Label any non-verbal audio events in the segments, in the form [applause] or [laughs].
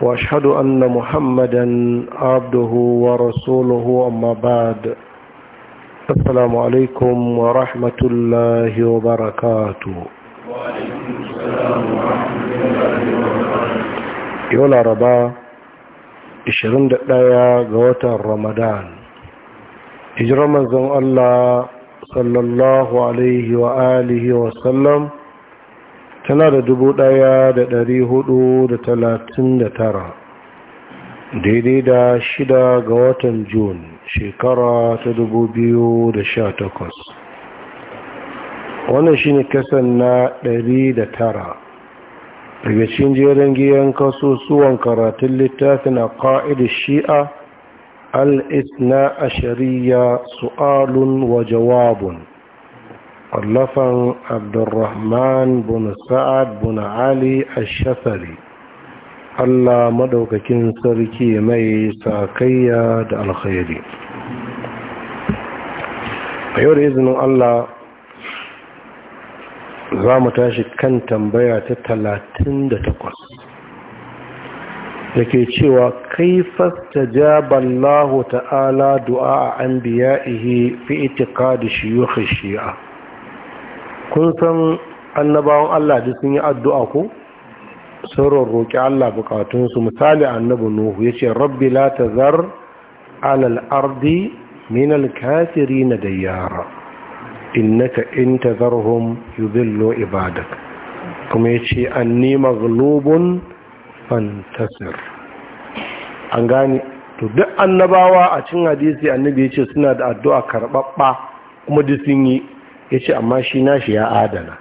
واشهد ان محمدا عبده ورسوله اما بعد السلام عليكم ورحمه الله وبركاته وعليكم السلام ورحمه الله وبركاته يوم الاربعاء 21 ga watan Ramadan hijirar manzon Allah sallallahu alaihi wa alihi wa tana da dubu ɗaya da ɗari hudu da talatin da tara daidai da shida ga watan Jun shekara ta dubu biyu da sha takwas wannan shi ne kasan na ɗari da tara daga cikin jerin giyan suwan karatun littafin a ƙa'idar shi'a al-isna a shari'a su'alun wa jawabun Kwallafan abdurrahman bin sa'ad bin ali ash-shafari Allah maɗaukakin sarki mai sakayya da alkhairi a yau da izinin Allah za mu tashi kan tambaya ta talatin da takwas da ke cewa kaifas ta jaballahu ta'ala du'a a an biya ya fi itika da shiyuka shi'a kun san annabawan Allah da sun yi addu'a ko sun roƙi Allah bukatunsu misali annabi Nuhu ce rabbi la tazar alal ardi min al kafirin dayara innaka in yudhillu ibadak kuma ya an anni maghlubun fantasir an gane to duk annabawa a cikin hadisi annabi yace suna da addu'a karɓaɓɓa kuma da sun yi ya ce amma shi nashi ya adana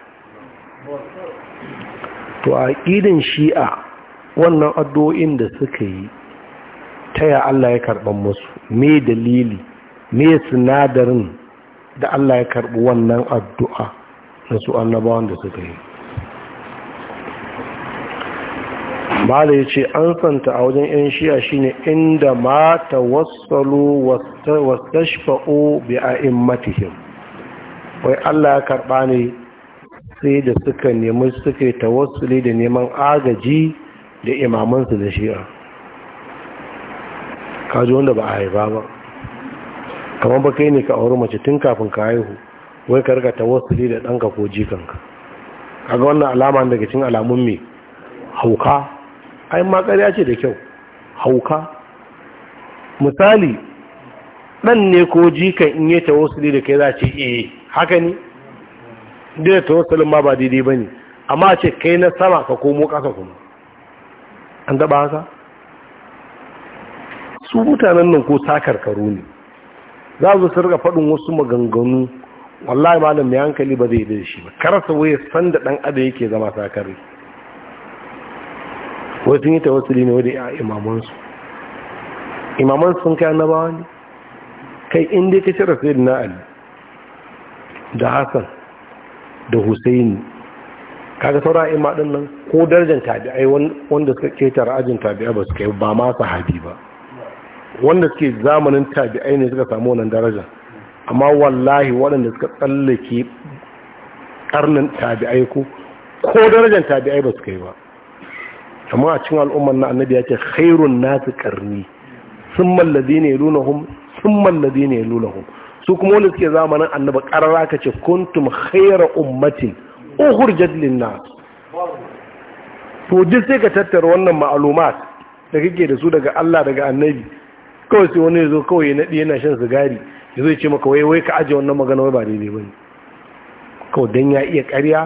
to a ƙidin shi'a wannan addu'o'in da suka yi ta ya Allah ya karɓar musu me dalili me sinadarin da Allah ya karɓi wannan addu'a na su annabawan da suka yi bala ya ce an santa a wajen 'yan shi'a shine inda mata wasu wasashfa'o bi a in matihim wai Allah ya karɓa ne sai da suka nemi suka yi tawassuli da neman agaji da imamansu da shi'a kaji wanda ba a haifa ba kamar ba kai ne ka auri mace tun kafin ka haihu wai ka rika tawassuli da ɗanka ko jikanka kaga wannan alama daga cikin alamun me hauka ai ma ƙarya ce da kyau hauka misali ɗan ne ko jikan in yi tawassuli da kai za a ce eh haka ne da tawassalin ma ba daidai ba ne amma a ce kai na sama ka komo ƙasa kuma an taɓa haka su mutanen nan ko sakarkaru ne za su su rika faɗin wasu maganganu wallahi malam mai hankali ba zai daidai shi ba karasa waye san da ɗan ada yake zama sakari wasu yi tawassuli ne wadda ya imamansu imaman sun kai annabawa ne kai inda ka cire sayyidina na'ali da Hassan da husaini kaga saura ima din nan ko darajar tabi'ai wanda suka keta ra'ajin tabi'ai ba su kai ba ma sahabi ba wanda suke zamanin tabi'ai ne suka samu wannan daraja amma wallahi waɗanda suka tsallake karnin tabi'ai ko ko darajar tabi'ai ba su kai ba amma a cikin al'ummar na annabi ya ce khairun nasu karni sun mallazi ne lunahum sun su kuma wanda suke zamanin annaba karara ka ce kuntum khayra ummatin ukhrijat jadlin na. to duk sai ka tattara wannan ma'alumat da kake da su daga Allah daga annabi kawai sai wani zo kawai ya nadi yana shan sigari ya zai ce maka wai wai ka aje wannan magana wai ba daidai wani. kawai dan ya iya ƙarya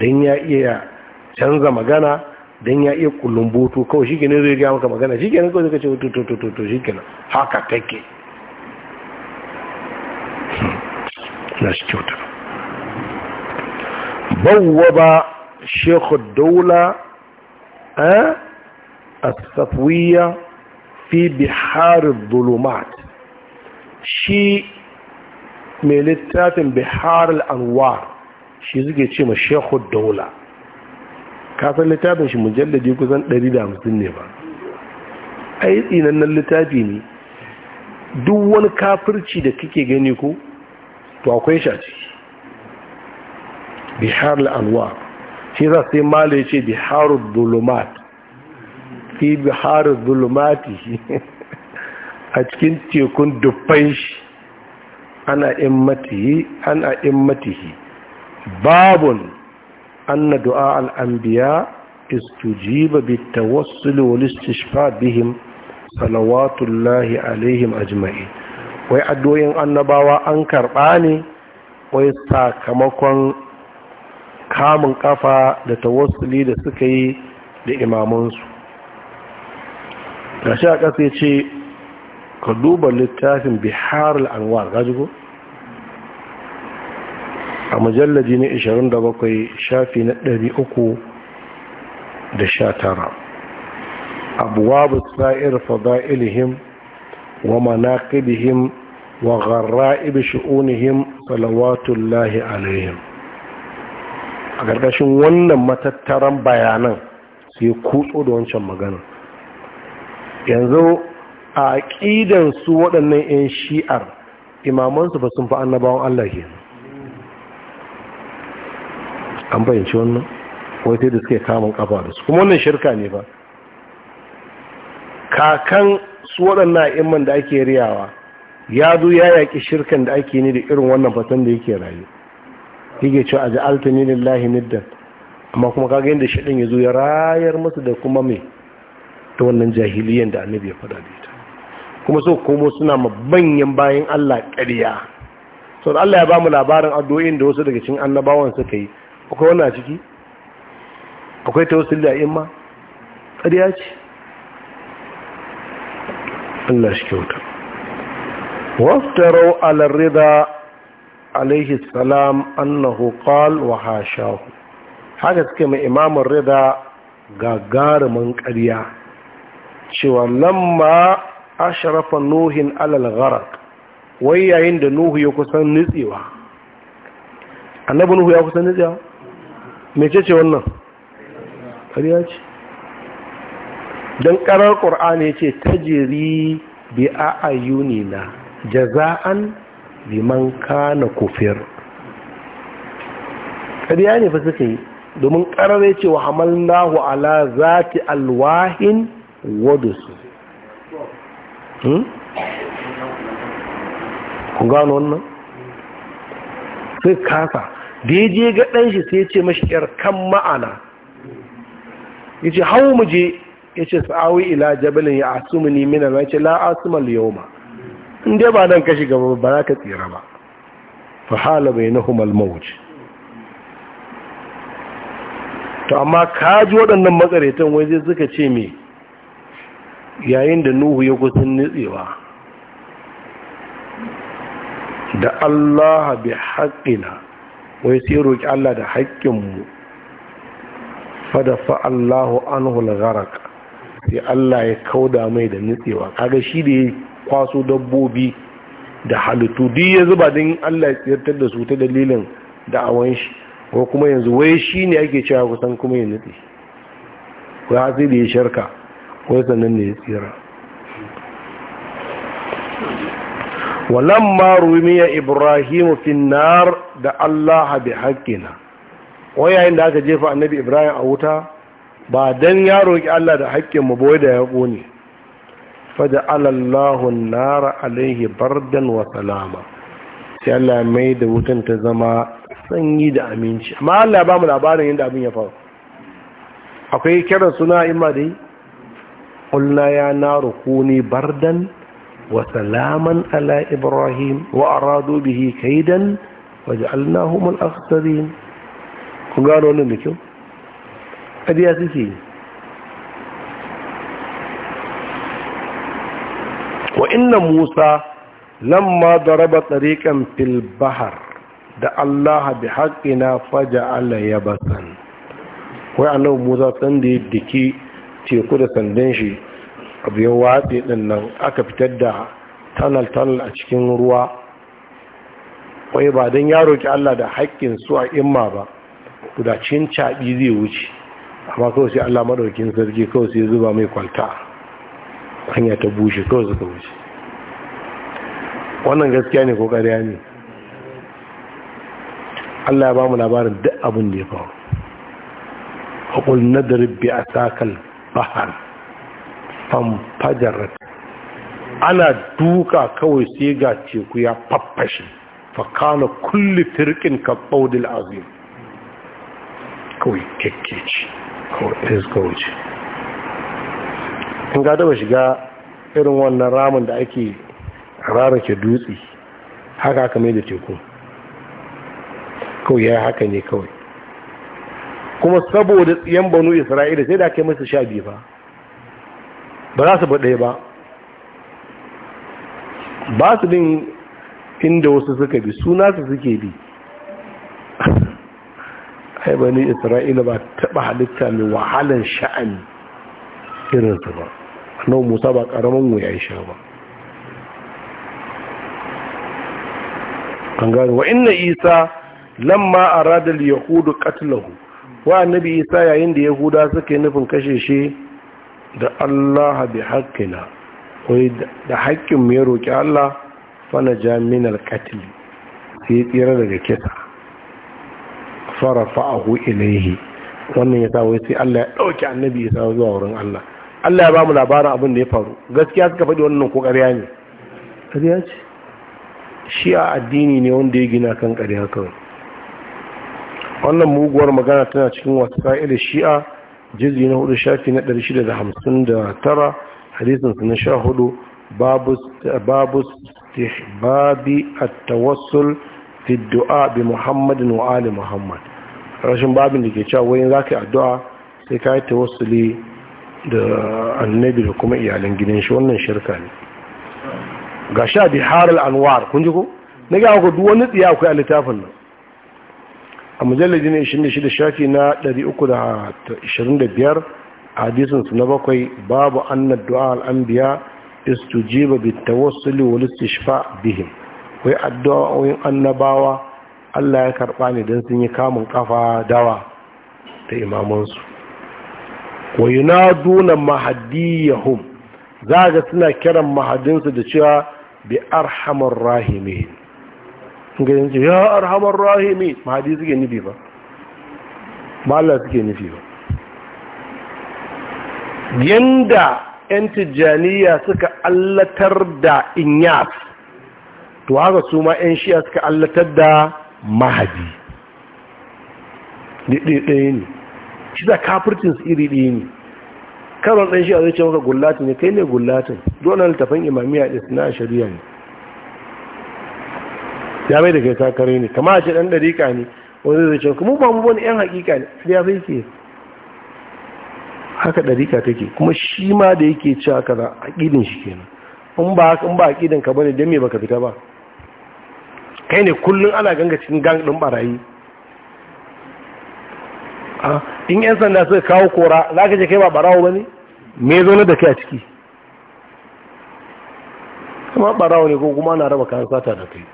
dan ya iya canza magana dan ya iya kullumboto kawai shi ne zai gaya maka magana shi kenan kawai ka ce to to to to shi haka take ya shi kyauta ba shekhu daula eh, a safiya fi biharin zulumat shi mai littafin biharin anwar shi zuke ce ma shekhu daula kasar littafin shi mujalladi kusan 150 ne ba a yi tsinannan littafi ne duk wani kafirci da kake gani ko توقيش بحار الأنوار في رأس مالي شيء بحار الظلمات في بحار الظلمات أتكن تيكون دبايش أنا إمتي أنا إمتي باب أن دعاء الأنبياء استجيب بالتوصل والاستشفاء بهم صلوات الله عليهم أجمعين wai addu'o'in annabawa an karɓa ne wai sakamakon kamun kafa da tawassuli da suka yi da imamansu gashi a ƙasa ce ka duba littafin Bihar al'anwar gajigo a mujallaji na 27 shafi na tara abuwa bu fada ilihim wa manaqibihim wa gharra'ib shu'unihim salawatullahi alaihim a ƙarƙashin wannan matattaran bayanan sai kutso da wancan magana yanzu a ƙidan su waɗannan yan shi'ar imamansu ba sun fi annabawan Allah kenan an bayyance wannan wai sai da suke kamun ƙafa da su kuma wannan shirka ne ba kakan su waɗannan imman da ake riyawa ya zo ya yaƙi shirkan da ake ni da irin wannan fatan da yake rayu yake cewa a ja'alta ni lillahi niddan amma kuma kaga yadda shaɗin ya zo ya rayar masu da kuma mai ta wannan jahiliyan da annabi ya faɗa da ita kuma so komo suna mabanyan bayan Allah ƙarya sau da Allah ya ba mu labarin addu'o'in da wasu daga cikin annabawan suka yi akwai wannan a ciki akwai ta wasu la'in ma ƙarya ce Allah shi kyauta waftarau alarrida alaihi salam annahu qal haka suke mai imamun rida gagarumin ƙarya cewa lamma asharafa nuhin alal wai yayin da nuhu ya kusan nutsewa annabi nuhu ya kusan nutsewa mece wannan ƙarya ce don ƙarar ƙur'ani ce tajiri bi a ayyuni na jaza'an biman kana kufir ƙarya ne fa suka yi domin ƙarare wa hamalnahu ala zati alwahin wadusu hmm? ku gano wannan sai kasa da ya je ga ɗanshi sai ce mashi ‘yar kan ma'ana ya ce hau mu je ya ce sa'awi ila jabalin ya ni mina na ce la yau ma in ba nan ka gaba ba za ka tsira ba fa hala bainahum al-mawj to amma ka ji waɗannan matsaraitan wai zai suka ce me yayin da nuhu ya kusan nitsewa da Allah bi haƙƙina wai sai roƙi Allah da haƙƙinmu fadafa Allahu anhu al-gharq sai Allah ya kauda mai da nitsewa kaga shi da ya kwaso dabbobi da halittu duk ya zuba don Allah ya tsirtar da su ta dalilin da'awan shi ko kuma yanzu wai shi ne ake cewa kusan kuma ya nutse ko ya sai da ya sharka ko sannan ne ya tsira rumi ya ibrahimu finnar da Allah bi haqqina wayayin da aka jefa annabi ibrahim a wuta ba don ya roki Allah da hakkin mu wai da ya ƙone فجعل الله Nara عليه بردا وسلاما sai Allah mai da wutan ta zama sanyi da aminci amma Allah ba mu labarin yadda abin ya faru akwai kiran suna imma dai qulna ya naru kuni bardan wa salaman ala ibrahim wa aradu bihi kaidan waj'alnahum al-akhsarin kun gano wannan da kyau kadiya suke yi wa inna musa lamma daraba tsarikan fil bahar da allah bi na faja allah ya basan wai annabi musa san da ya diki teku da sandan shi abu ya watsi din nan aka fitar da tunnel tunnel a cikin ruwa wai ba don ya roƙi allah da haƙƙin su a imma ba kudacin caɓi zai wuce amma kawai sai allah maɗaukin sarki kawai sai zuba mai kwalta hanya ta bushe kawai suka wuce wannan gaskiya ne ko kariya ne Allah ya bamu labarin duk abin da ya faru haƙul da a sakal bahar famfajar ana duka kawai sai ga teku ya faffashe fakana kulli firkin kaɓaudil azim kawai kekkeci kawai ɗaya in ga taba shiga irin wannan ramin da ake rarake dutse haka aka mai da teku kawai ya haka ne kawai kuma saboda tsiyan banu isra'ila sai da aka yi masa sha biyu ba ba za su ba ɗaya ba ba su bin inda wasu suka bi suna su suke bi [laughs] ai bani isra'ila ba taɓa halitta mai wahalan sha'ani irinsu ba annabi musa ba karamin mu ya yi sha ba an gani wa inna isa lamma arada yahudu qatlahu wa annabi isa yayin da yahuda suke nufin kashe shi da Allah bi haqqina wai da haƙƙin mu ya roki Allah fana jamin al-qatl sai tsira daga kisa fara fa'ahu ilaihi wannan ya sa wai sai Allah ya dauki annabi isa zuwa wurin Allah Allah ya ba mu labarin abin da ya faru gaskiya suka faɗi wannan ko ƙarya ne ƙarya ce shi a addini ne wanda ya gina kan ƙarya kawai wannan muguwar magana tana cikin wasu ka'ida shi'a jizi na hudu shafi na ɗari shida da hamsin da tara hadisin su na sha hudu babu babi at-tawassul fi du'a bi muhammadin wa ali muhammad rashin babin da ke cewa wani za ka yi addu'a sai ka yi tawassuli da annabi da kuma iyalan gidan shi wannan shirka ne ga sha bihar al'anwar kun ji ko na ga ku duk wani tsiya akwai a littafin nan a mujallaji ne 26 shafi na 325 a hadisin su na bakwai babu annad du'a al'anbiya istujiba tawassuli wal istishfa bihim wai addu'o'in annabawa Allah ya karba ne dan sun yi kamun kafa dawa ta imamansu wa yunaduna mahdiyahum za ga suna kiran mahadinsu da cewa bi arhamar rahimin ga yanzu ya arhamar rahimi mahadi suke nufi ba ba suke nufi ba yanda 'yan tijjaniya suka allatar da inyas to haka su ma 'yan shiya suka allatar da mahadi ɗaya ne shi da kafircin iri ɗaya ne karon ɗan shi a zai ce maka gullatin ne kai ne gullatin dole tafan imamiya ɗin suna shari'a ne ya mai da kai takare ne kama a ce ɗan ɗarika ne wanda zai ce kuma ba mu wani yan hakika ne sai ya fake haka dariƙa take kuma shi ma da yake cewa kaza aqidin shi kenan in ba in ba aqidin ka bane dan me baka fita ba kai ne kullun ana ganga cikin gang ɗin barayi ah, in 'yan sanda suka kawo kora za ka je kai ba barawo ba ne me zo na da kai a ciki kuma barawo ne ko kuma na raba kayan sata da kai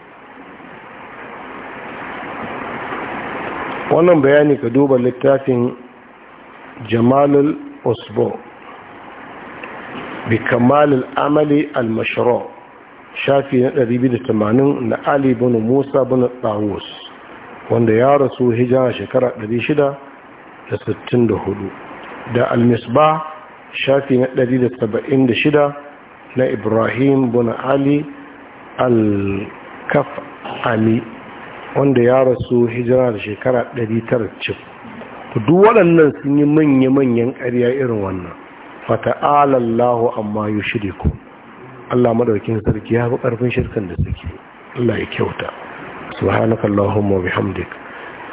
wannan bayani ka duba littafin jamalul osbo bi kamalul amali al-mashro shafi na 280 na ali bin musa bin tsawus wanda ya rasu hijira shekara 600 da sittin da hudu da almisba shafi na ɗari da saba'in da shida na ibrahim bin ali al ali wanda ya rasu hijira da shekara ɗari tara cif duk waɗannan sun yi manya-manyan ƙarya irin wannan fata'ala Allahu amma yi ku, Allah madaukin sarki ya fi ƙarfin shirkan da suke Allah ya kyauta subhanakallahumma bihamdika